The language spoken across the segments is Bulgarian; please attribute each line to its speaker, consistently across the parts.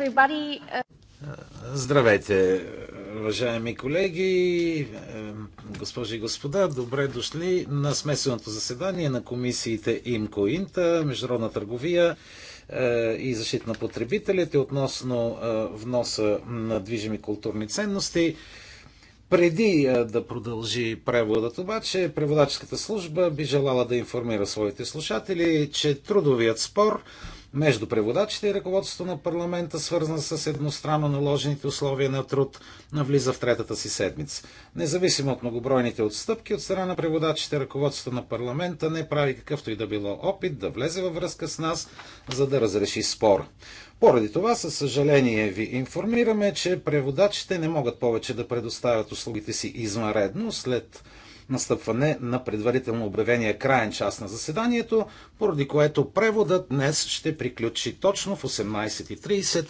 Speaker 1: everybody. Е,
Speaker 2: здравейте, уважаеми колеги, е, госпожи и господа, добре дошли на смесеното заседание на комисиите ИМКО Инта, Международна търговия е, и защита на потребителите относно вноса на движими културни ценности. Преди да продължи преводът обаче, преводаческата служба би желала да информира своите слушатели, че трудовият спор – между преводачите и ръководството на парламента, свързана с едностранно наложените условия на труд, навлиза в третата си седмица. Независимо от многобройните отстъпки от страна на преводачите, ръководството на парламента не прави какъвто и да било опит да влезе във връзка с нас, за да разреши спор. Поради това, със съжаление ви информираме, че преводачите не могат повече да предоставят услугите си извънредно след настъпване на предварително обявения крайен час на заседанието, поради което преводът днес ще приключи точно в 18.30.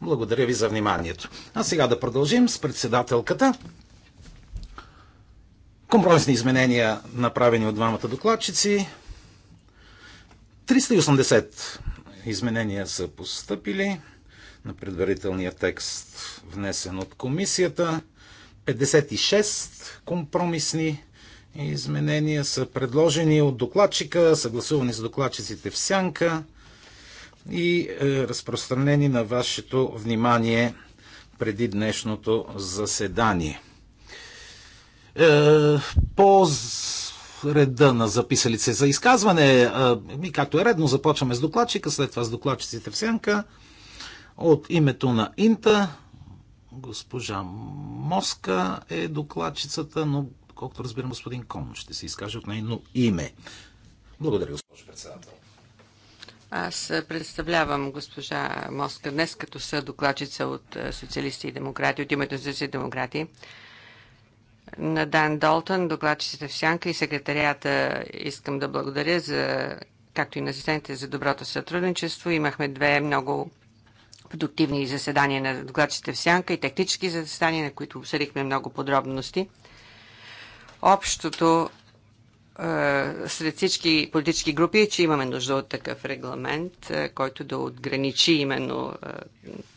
Speaker 2: Благодаря ви за вниманието. А сега да продължим с председателката. Компромисни изменения, направени от двамата докладчици. 380 изменения са поступили на предварителния текст, внесен от комисията. 56 компромисни изменения са предложени от докладчика, съгласувани с докладчиците в сянка и е, разпространени на вашето внимание преди днешното заседание. Е, по реда на записали се за изказване, е, ми както е редно, започваме с докладчика, след това с докладчиците в сянка. От името на Инта, госпожа Моска е докладчицата, но Доколкото разбирам, господин Кон ще се изкаже от нейно име. Благодаря, госпожо председател.
Speaker 1: Аз представлявам госпожа Моска днес като съдокладчица от е, социалисти и демократи, от името на социалисти и демократи на Дан Долтън, Докладчицата в Сянка и секретарията искам да благодаря за, както и на асистентите за доброто сътрудничество. Имахме две много продуктивни заседания на докладчицата в Сянка и технически заседания, на които обсъдихме много подробности общото е, сред всички политически групи е, че имаме нужда от такъв регламент, е, който да отграничи именно е,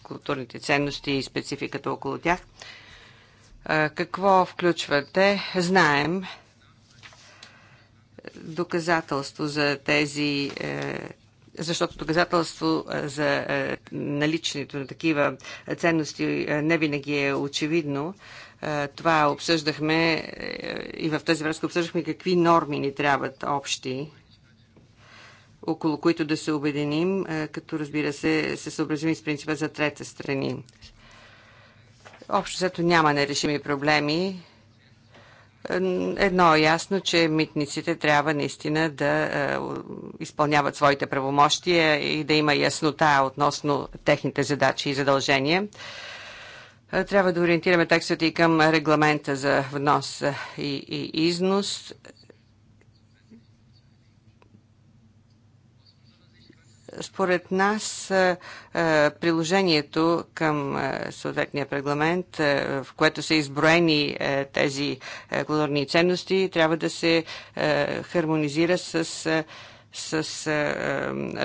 Speaker 1: културните ценности и спецификата около тях. Какво включвате? Знаем доказателство за тези защото доказателство за наличието на такива ценности не винаги е очевидно. Е, това обсъждахме е, и в тази връзка обсъждахме какви норми ни трябват общи, около които да се обединим, е, като разбира се, се съобразим с принципа за трета страни. Общо зато няма нерешими проблеми. Едно е ясно, че митниците трябва наистина да изпълняват своите правомощия и да има яснота относно техните задачи и задължения. Е, трябва да ориентираме текстът и към регламента за внос е, и, и износ. Според нас е, приложението към съответния регламент, в което са изброени тези културни ценности, трябва да се хармонизира с с а,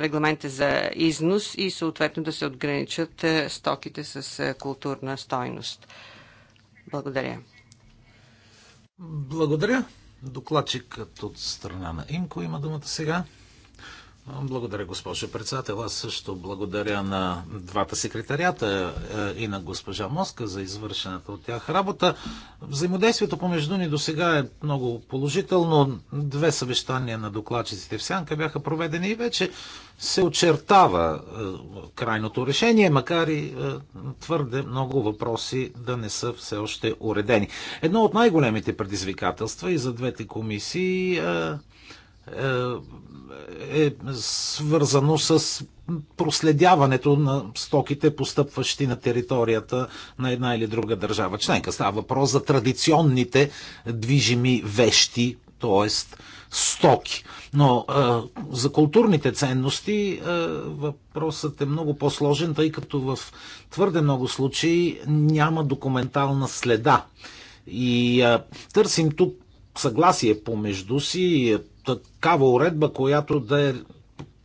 Speaker 1: регламента за износ и съответно да се отграничат а, стоките с а, културна стойност. Благодаря.
Speaker 2: Благодаря. Докладчикът от страна на Имко има думата сега. Благодаря, госпожо председател. Аз също благодаря на двата секретарията е, и на госпожа Моска за извършената от тях работа. Взаимодействието помежду ни до сега е много положително. Две съвещания на докладчиците в Сянка бяха проведени и вече се очертава е, крайното решение, макар и е, твърде много въпроси да не са все още уредени. Едно от най-големите предизвикателства и за двете комисии е, е свързано с проследяването на стоките, постъпващи на територията на една или друга държава членка. Става въпрос за традиционните движими вещи, т.е. стоки. Но е, за културните ценности е, въпросът е много по-сложен, тъй като в твърде много случаи няма документална следа. И е, търсим тук съгласие помежду си, е, такава уредба, която да е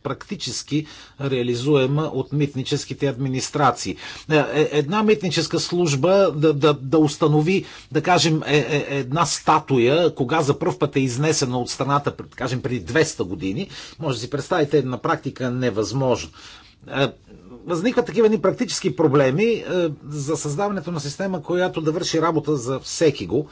Speaker 2: практически реализуема от митническите администрации. Е, е, една митническа служба да, да, да установи, да кажем, е, е, една статуя, кога за първ път е изнесена от страната, да кажем, преди 200 години, може да си представите, е на практика невъзможно. Възникват такива ни практически проблеми за създаването на система, която да върши работа за всеки го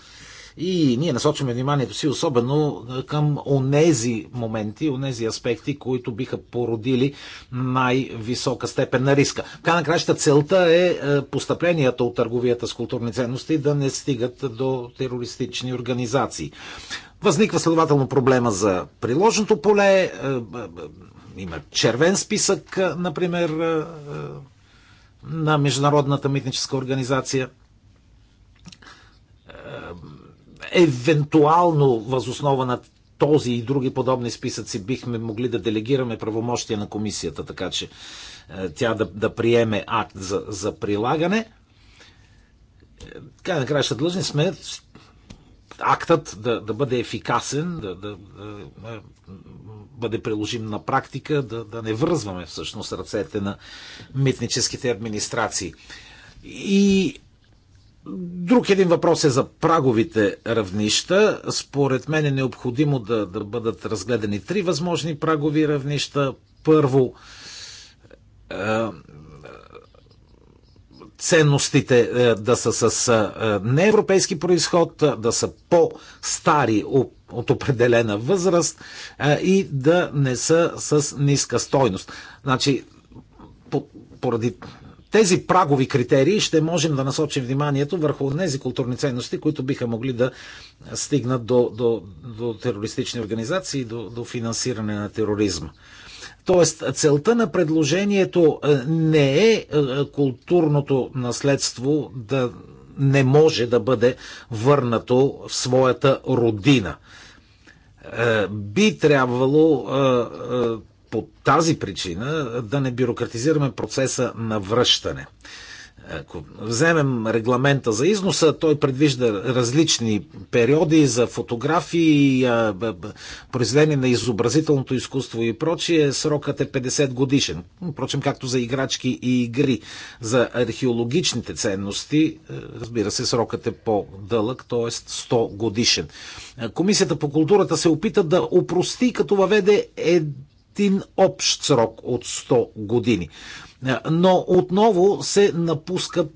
Speaker 2: и ние насочваме вниманието си особено е, към онези моменти, онези аспекти, които биха породили най-висока степен на риска. Край на краща целта е, е постъпленията от търговията с културни ценности да не стигат до терористични организации. Възниква следователно проблема за приложното поле. Е, има червен списък, например, на Международната митническа организация – евентуално възоснова на този и други подобни списъци бихме могли да делегираме правомощия на комисията, така че е, тя да, да приеме акт за, за прилагане. Така накрая ще длъжни сме актът да, да бъде ефикасен, да, да, да е, бъде приложим на практика, да, да не връзваме всъщност ръцете на митническите администрации. И Друг един въпрос е за праговите равнища. Според мен е необходимо да, да бъдат разгледани три възможни прагови равнища. Първо, е, ценностите е, да са с е, неевропейски происход, да са по-стари от определена възраст и да не са с ниска стойност. Значи, поради тези прагови критерии ще можем да насочим вниманието върху тези културни ценности, които биха могли да стигнат до, до, до терористични организации, до, до финансиране на тероризма. Тоест, целта на предложението е, не е, е културното наследство да не може да бъде върнато в своята родина. Е, би трябвало по тази причина да не бюрократизираме процеса на връщане. Ако вземем регламента за износа, той предвижда различни периоди за фотографии, произведени на изобразителното изкуство и прочие. Срокът е 50 годишен. Впрочем, както за играчки и игри. За археологичните ценности, е, разбира се, срокът е по-дълъг, т.е. 100 годишен. Комисията по културата се опита да опрости, като въведе е един общ срок от 100 години. Е, но отново се напуска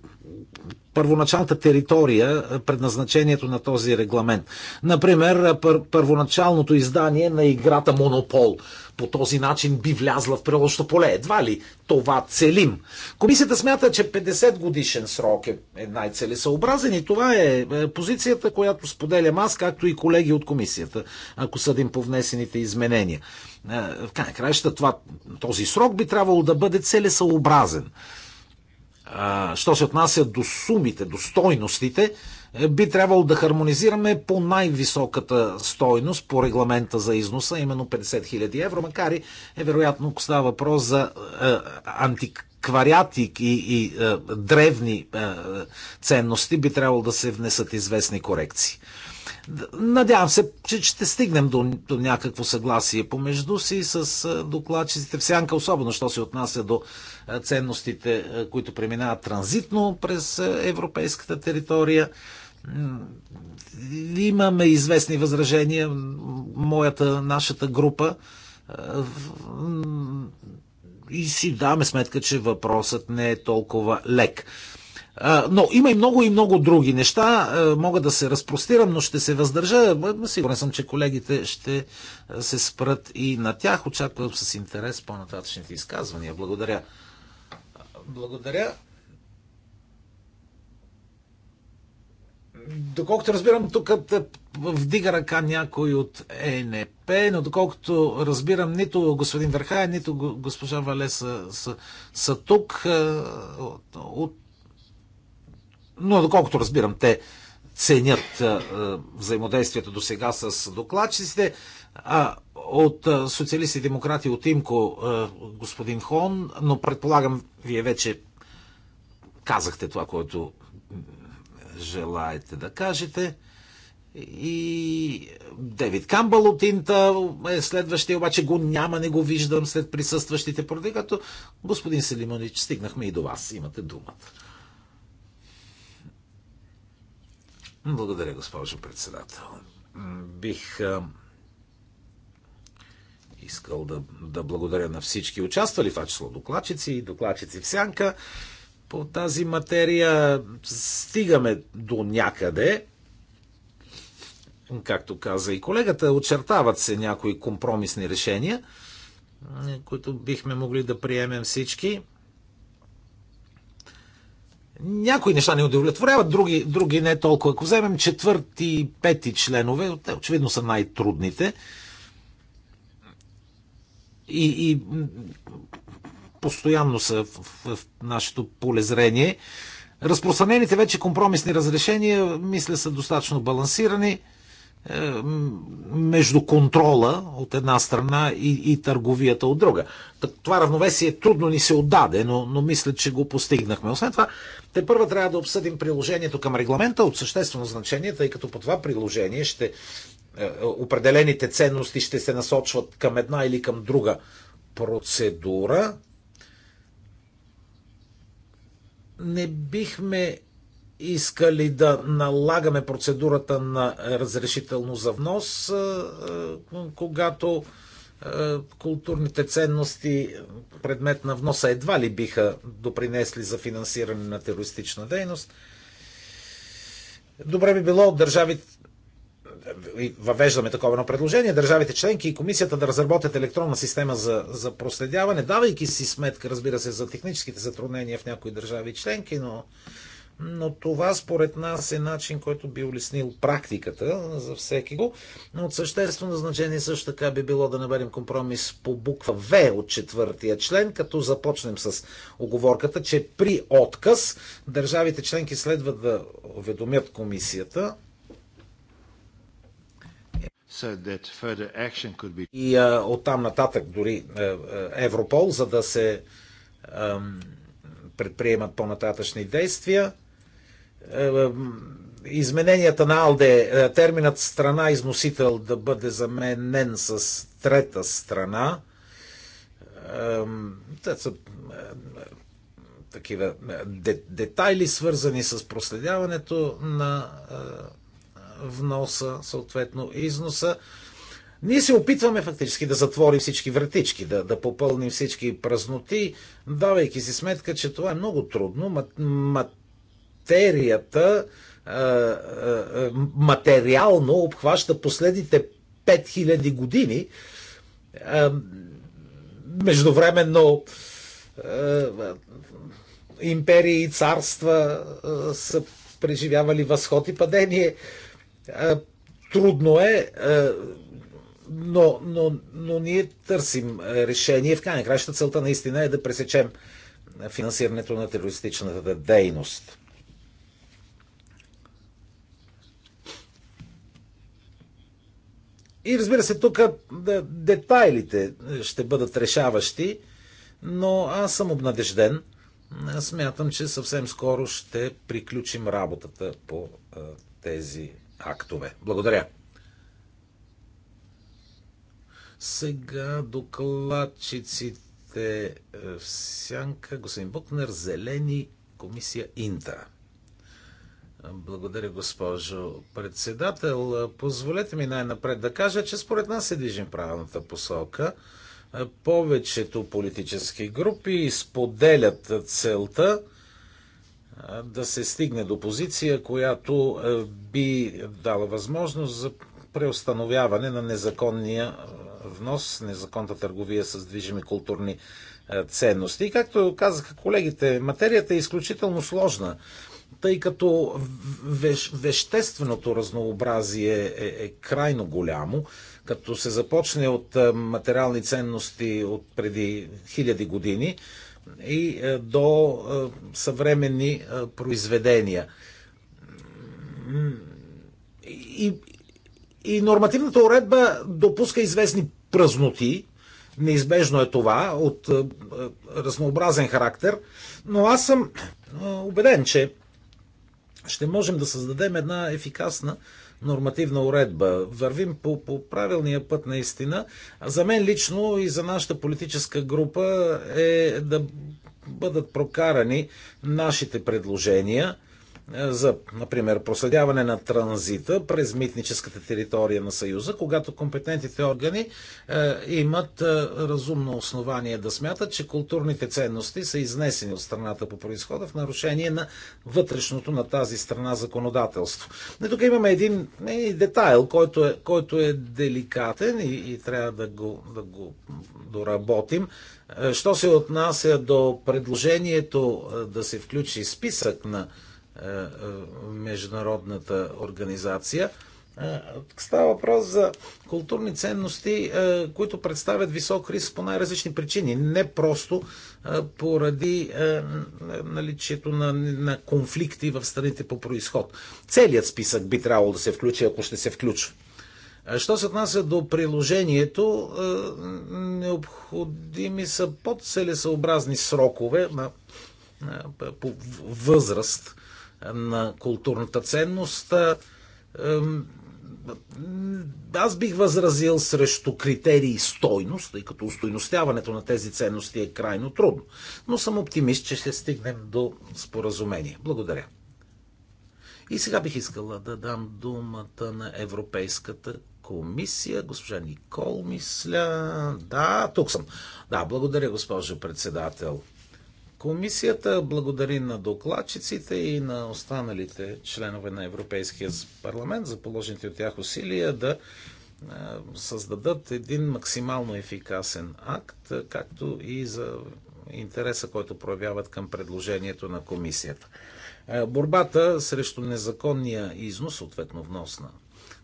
Speaker 2: първоначалната територия, е, предназначението на този регламент. Например, е, пър, първоначалното издание на играта Монопол по този начин би влязла в приложното поле. Едва ли това целим? Комисията смята, че 50 годишен срок е, е, най-целесъобразен и това е позицията, която споделям аз, както и колеги от комисията, ако съдим по внесените изменения. В крайна краища това, този срок би трябвало да бъде целесъобразен. Що се отнася до сумите, до стойностите, е, би трябвало да хармонизираме по най-високата стойност по регламента за износа, именно 50 000 евро, макар и е вероятно, ако става въпрос за е, антиквариатик и, и е, древни е, ценности, би трябвало да се внесат известни корекции. Надявам се, че ще стигнем до, до някакво съгласие помежду си с докладчиците в сянка, особено що се отнася до ценностите, които преминават транзитно през европейската територия. Имаме известни възражения, моята, нашата група и си даваме сметка, че въпросът не е толкова лек. Но има и много и много други неща. Е, мога да се разпростирам, но ще се въздържа. Е, е, сигурен съм, че колегите ще се спрат и на тях. Очаквам с интерес по-нататъчните изказвания. Благодаря. Благодаря. Доколкото разбирам, тук вдига ръка някой от ЕНП, но доколкото разбирам, нито господин Върхая, нито госпожа Валеса са, са, са тук. От, от но доколкото разбирам, те ценят взаимодействието до сега с докладчиците. А, от социалисти и демократи от Имко господин Хон, но предполагам, вие вече казахте това, което желаете да кажете. И Девид Камбал от Инта е следващия, обаче го няма, не го виждам след присъстващите, поради като господин Селимонич, стигнахме и до вас. Имате думата. Благодаря, госпожо председател. Бих искал да, да благодаря на всички участвали, в това число докладчици и докладчици в сянка. По тази материя стигаме до някъде. Както каза и колегата, очертават се някои компромисни решения, които бихме могли да приемем всички някои неща не удовлетворяват, други, други не толкова. Ако вземем четвърти и пети членове, те очевидно са най-трудните. И, и постоянно са в, в, в нашето полезрение. Разпространените вече компромисни разрешения, мисля, са достатъчно балансирани между контрола от една страна и, и търговията от друга. Това равновесие трудно ни се отдаде, но, но мисля, че го постигнахме. Освен това, те първа трябва да обсъдим приложението към регламента от съществено значение, тъй като по това приложение ще е, определените ценности ще се насочват към една или към друга процедура. Не бихме искали да налагаме процедурата на разрешително за внос, когато културните ценности предмет на вноса едва ли биха допринесли за финансиране на терористична дейност. Добре би било от държавите въвеждаме такова едно предложение, държавите членки и комисията да разработят електронна система за, за проследяване, давайки си сметка, разбира се, за техническите затруднения в някои държави членки, но но това според нас е начин, който би улеснил практиката за всеки го. Но от съществено значение също така би било да намерим компромис по буква В от четвъртия член, като започнем с оговорката, че при отказ държавите членки следва да уведомят комисията So be... И а, оттам нататък дори а, Европол, за да се а, предприемат по-нататъчни действия. Е, е, измененията на АЛДЕ, е, терминът страна износител да бъде заменен с трета страна. Те са такива детайли, свързани с проследяването на вноса, съответно износа. Ние се опитваме фактически да затворим всички вратички, да, да попълним всички празноти, давайки си сметка, че това е много трудно. Мат, мат, материята материално обхваща последните 5000 години. Междувременно империи и царства са преживявали възход и падение. Трудно е, но, но, но ние търсим решение. В крайна краща целта наистина е да пресечем финансирането на терористичната дейност. И разбира се, тук детайлите ще бъдат решаващи, но аз съм обнадежден. Смятам, че съвсем скоро ще приключим работата по тези актове. Благодаря. Сега докладчиците е, в сянка, господин Букнер, Зелени, комисия Интра. Благодаря, госпожо председател. Позволете ми най-напред да кажа, че според нас се движим правилната посока. Повечето политически групи споделят целта да се стигне до позиция, която би дала възможност за преустановяване на незаконния внос, незаконната търговия с движими културни ценности. И както казаха колегите, материята е изключително сложна тъй като веш, вещественото разнообразие е, е крайно голямо, като се започне от е, материални ценности от преди хиляди години и е, до е, съвременни произведения. И, и нормативната уредба допуска известни празноти, неизбежно е това, от разнообразен характер, но аз съм убеден, че ще можем да създадем една ефикасна нормативна уредба. Вървим по, по правилния път наистина. За мен лично и за нашата политическа група е да бъдат прокарани нашите предложения – за, например, проследяване на транзита през митническата територия на Съюза, когато компетентните органи е, имат е, разумно основание да смятат, че културните ценности са изнесени от страната по происхода в нарушение на вътрешното на тази страна законодателство. И тук имаме един детайл, който е, който е деликатен и, и трябва да го, да го доработим. Е, що се отнася до предложението да се включи списък на е, е, международната организация. Е, става въпрос за културни ценности, които представят висок риск по най-различни причини. Не просто поради наличието на, на конфликти в страните по происход. Целият списък би трябвало да се включи, ако ще се включва. Що се отнася до приложението, необходими са по-целесъобразни срокове на, на по възраст на културната ценност. Аз бих възразил срещу критерии стойност, тъй като устойностяването на тези ценности е крайно трудно. Но съм оптимист, че ще стигнем до споразумение. Благодаря. И сега бих искала да дам думата на Европейската комисия. Госпожа Никол, мисля. Да, тук съм. Да, благодаря, госпожо председател. Комисията благодари на докладчиците и на останалите членове на Европейския парламент за положените от тях усилия да създадат един максимално ефикасен акт, както и за интереса, който проявяват към предложението на комисията. Е, борбата срещу незаконния износ, съответно внос на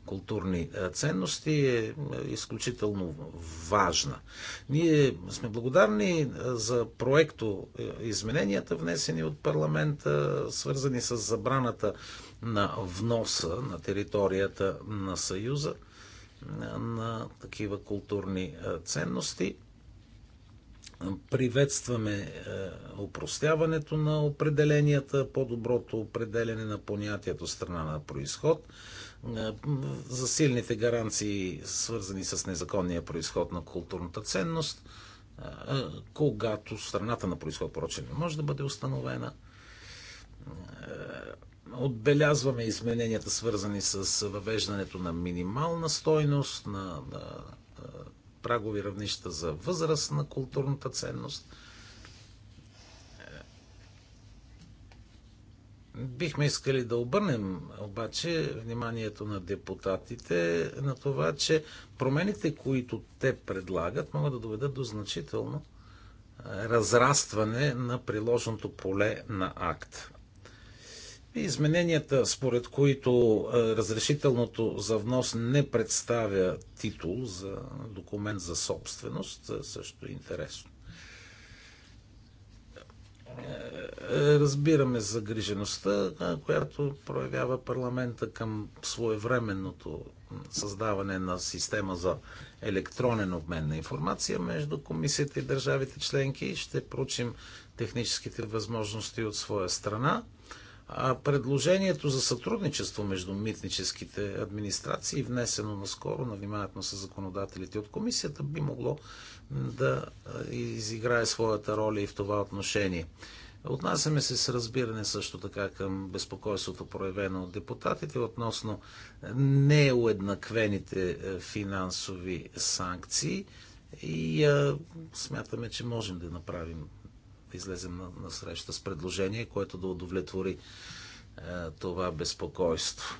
Speaker 2: културни е, ценности е, е изключително важна. Ние сме благодарни за проекто измененията, внесени от парламента, свързани с забраната на вноса на територията на Съюза на такива културни ценности. Приветстваме е, упростяването на определенията, по-доброто определене на понятието страна на происход, е, силните гаранции, свързани с незаконния происход на културната ценност, е, когато страната на происход, проче, не може да бъде установена. Отбелязваме измененията, свързани с въвеждането на минимална стойност, на, на прагови равнища за възраст на културната ценност. Бихме искали да обърнем обаче вниманието на депутатите на това, че промените, които те предлагат, могат да доведат до значително разрастване на приложното поле на акт. Измененията, според които е, разрешителното за внос не представя титул за документ за собственост, е също е интересно. Разбираме загрижеността, която проявява парламента към своевременното създаване на система за електронен обмен на информация между комисията и държавите членки. Ще проучим техническите възможности от своя страна. А предложението за сътрудничество между митническите администрации, внесено наскоро на вниманието с законодателите от комисията, би могло да изиграе своята роля и в това отношение. Отнасяме се с разбиране също така към безпокойството, проявено от депутатите, относно неуеднаквените е, финансови санкции и а, смятаме, че можем да направим излезем на среща с предложение, което да удовлетвори е, това безпокойство.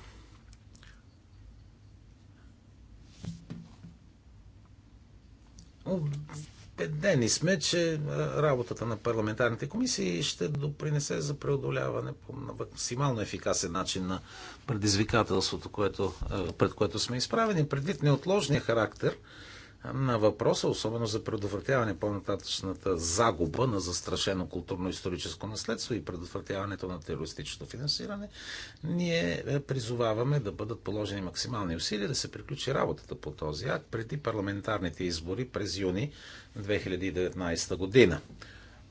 Speaker 2: Обедени сме, че е, работата на парламентарните комисии ще допринесе за преодоляване по максимално ефикасен начин на предизвикателството, което, е, пред което сме изправени. Предвид неотложния характер на въпроса, особено за предотвратяване по-нататъчната загуба на застрашено културно-историческо наследство и предотвратяването на терористичното финансиране, ние е, призоваваме да бъдат положени максимални усилия да се приключи работата по този акт преди парламентарните избори през юни 2019 година.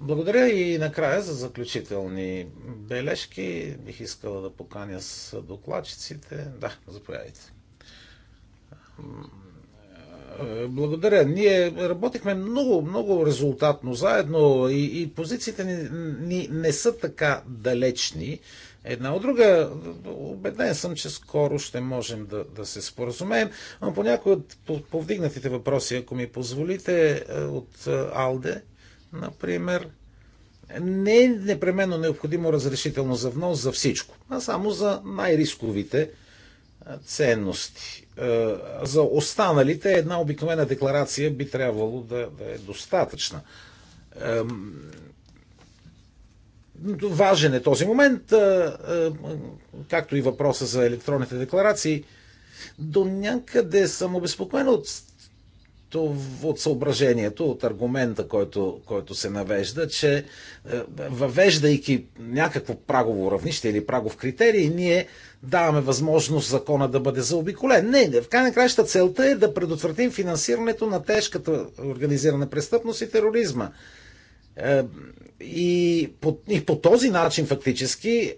Speaker 2: Благодаря и накрая за заключителни бележки. Бих искала да поканя с докладчиците. Да, заповядайте. Е, благодаря. Ние работихме много, много резултатно заедно и, и позициите ни, ни не са така далечни. Една от друга, убеден съм, че скоро ще можем да, да се споразумеем. Но по някои от повдигнатите въпроси, ако ми позволите, е, от е, Алде, например, не е непременно необходимо разрешително за внос за всичко, а само за най-рисковите ценности. Е, за останалите една обикновена декларация би трябвало да, да е достатъчна. Важен е този момент, е, е, както и въпроса за електронните декларации. До някъде съм обезпокоен от от съображението, от аргумента, който, който се навежда, че е, въвеждайки някакво прагово равнище или прагов критерий, ние даваме възможност закона да бъде заобиколен. Не, не в крайна краща целта е да предотвратим финансирането на тежката организирана престъпност и тероризма. Е, и по, и по този начин фактически е,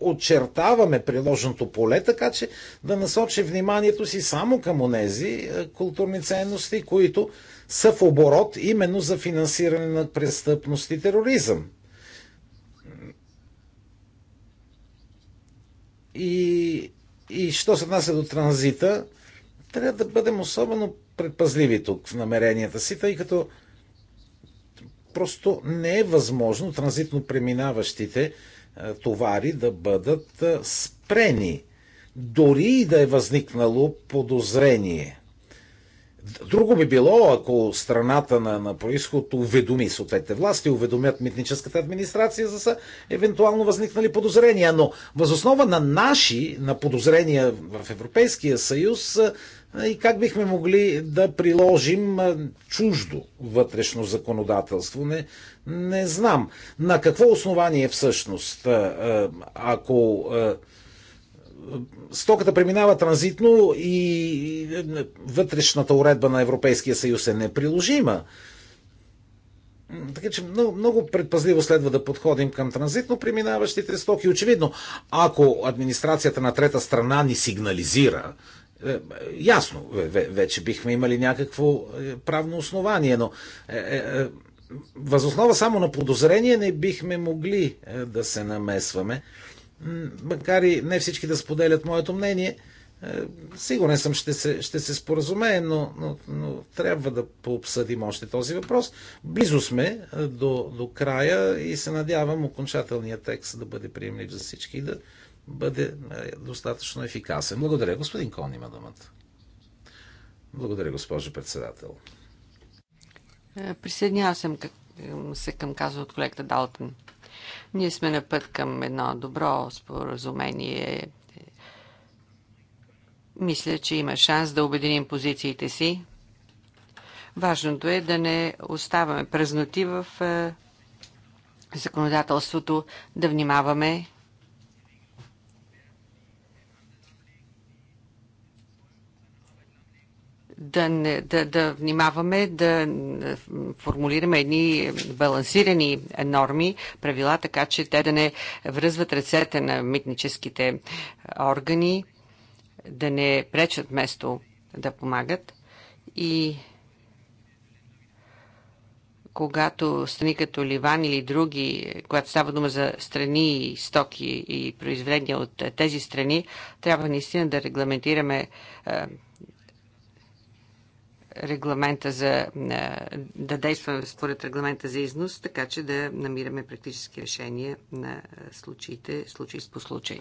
Speaker 2: очертаваме приложното поле, така че да насочи вниманието си само към онези е, културни ценности, които са в оборот именно за финансиране на престъпност и тероризъм. И, и що се отнася до транзита, трябва да бъдем особено предпазливи тук в намеренията си, тъй като просто не е възможно транзитно преминаващите е, товари да бъдат е, спрени, дори и да е възникнало подозрение Друго би било, ако страната на, на происход уведоми съответните власти, уведомят митническата администрация за са евентуално възникнали подозрения. Но възоснова на наши, на подозрения в Европейския съюз, и как бихме могли да приложим чуждо вътрешно законодателство, не, не знам. На какво основание всъщност, ако стоката преминава транзитно и вътрешната уредба на Европейския съюз е неприложима. Така че много, много предпазливо следва да подходим към транзитно преминаващите стоки. Очевидно, ако администрацията на трета страна ни сигнализира, е, ясно, вече бихме имали някакво е, правно основание, но е, възоснова само на подозрение не бихме могли да се намесваме макар и не всички да споделят моето мнение, е, сигурен съм, ще се, ще се споразумеем, но, но, но трябва да пообсъдим още този въпрос. Близо сме е, до, до края и се надявам окончателният текст да бъде приемлив за всички и да бъде е, достатъчно ефикасен. Благодаря. Господин Кон има думата. Благодаря, госпожо председател.
Speaker 1: Присъединявам се към казва от колегата Далтън. Ние сме на път към едно добро споразумение. Мисля, че има шанс да обединим позициите си. Важното е да не оставаме празноти в е, законодателството, да внимаваме да, не, да, да внимаваме да формулираме едни балансирани норми, правила, така че те да не връзват ръцете на митническите органи, да не пречат место да помагат. И когато страни като Ливан или други, когато става дума за страни, стоки и произведения от тези страни, трябва наистина да регламентираме е, регламента за, е, да действаме според регламента за износ, така че да намираме практически решения на случаите, случай по случай.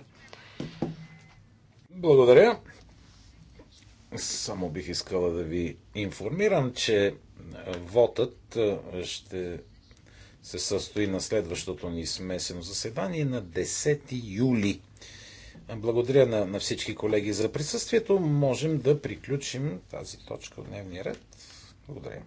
Speaker 2: Благодаря. Само бих искала да ви информирам, че е, вотът е, ще се състои на следващото ни смесено заседание на 10 юли. Благодаря на, на всички колеги за присъствието. Можем да приключим тази точка в дневния ред. Благодаря.